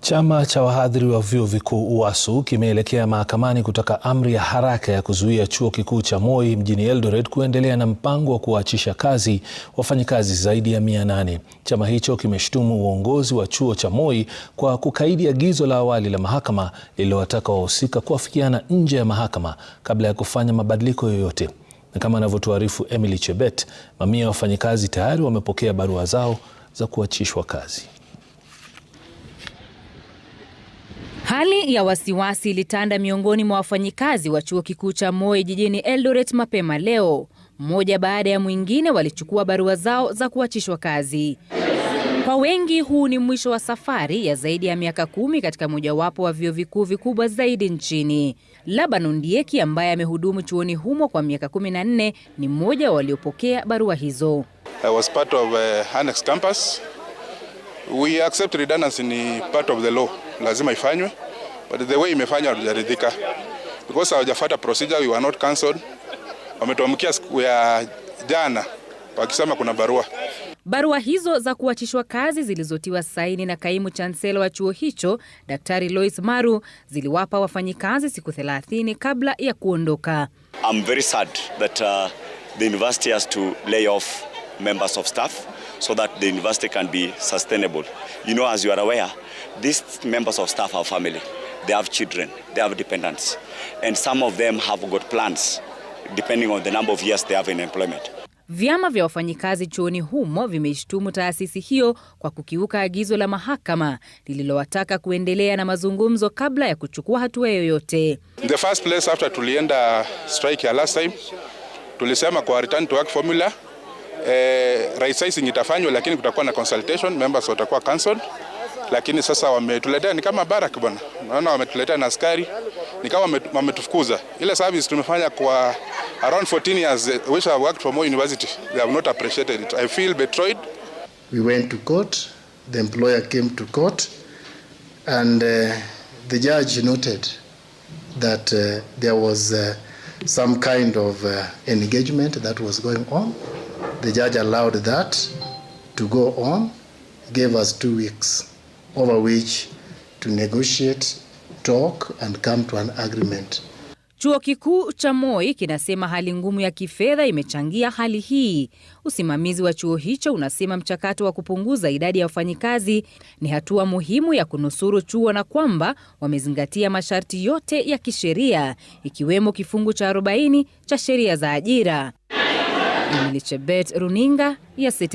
Chama cha wahadhiri wa vyuo vikuu UASU kimeelekea mahakamani kutaka amri ya haraka ya kuzuia chuo kikuu cha Moi mjini Eldoret kuendelea na mpango wa kuwaachisha kazi wafanyikazi zaidi ya mia nane. Chama hicho kimeshutumu uongozi wa chuo cha Moi kwa kukaidi agizo la awali la mahakama lililowataka wahusika kuafikiana nje ya mahakama kabla ya kufanya mabadiliko yoyote. Na kama anavyotuarifu Emily Chebet, mamia ya wafanyikazi tayari wamepokea barua zao za kuachishwa kazi. Hali ya wasiwasi ilitanda miongoni mwa wafanyikazi wa chuo kikuu cha Moi jijini Eldoret mapema leo. Mmoja baada ya mwingine walichukua barua zao za kuachishwa kazi. Kwa wengi, huu ni mwisho wa safari ya zaidi ya miaka kumi katika mojawapo wa vyuo vikuu vikubwa zaidi nchini. Labanon Dieki ambaye amehudumu chuoni humo kwa miaka 14 ni mmoja waliopokea barua hizo. I was part of uh, annex campus. We accept redundancy, ni part of the law, lazima ifanywe but the way imefanywa hatujaridhika because hawajafuata procedure, we were not cancelled. Wametuamkia siku ya jana wakisema kuna barua Barua hizo za kuachishwa kazi zilizotiwa saini na kaimu chansela wa chuo hicho Daktari Lois Maru ziliwapa wafanyikazi siku 30 kabla ya kuondoka. I'm very sad that uh, the university has to lay off members of staff so that the university can be sustainable. You know, as you are aware, these members of staff are family they have children, they have dependents, and some of them have got plans depending on the number of years they have in employment. Vyama vya wafanyikazi chuoni humo vimeshtumu taasisi hiyo kwa kukiuka agizo la mahakama lililowataka kuendelea na mazungumzo kabla ya kuchukua hatua yoyote. In The first place after tulienda strike ya last time tulisema kwa return to work formula, eh, right sizing itafanywa, lakini kutakuwa na consultation, members watakuwa cancelled lakini sasa wametuletea ni kama barak bwana, naona wametuletea na askari ni kama wametufukuza. Ile service tumefanya kwa around 14 years which eh, I worked for more university, they have not appreciated it. I feel betrayed. We went to court, the employer came to court and uh, the judge noted that uh, there was uh, some kind of uh, engagement that was going on. The judge allowed that to go on, gave us two weeks over which to negotiate, talk and come to an agreement. Chuo Kikuu cha Moi kinasema hali ngumu ya kifedha imechangia hali hii. Usimamizi wa chuo hicho unasema mchakato wa kupunguza idadi ya wafanyikazi ni hatua muhimu ya kunusuru chuo na kwamba wamezingatia masharti yote ya kisheria ikiwemo kifungu cha 40 cha sheria za ajira. Emily Chebet, Runinga ya Citizen.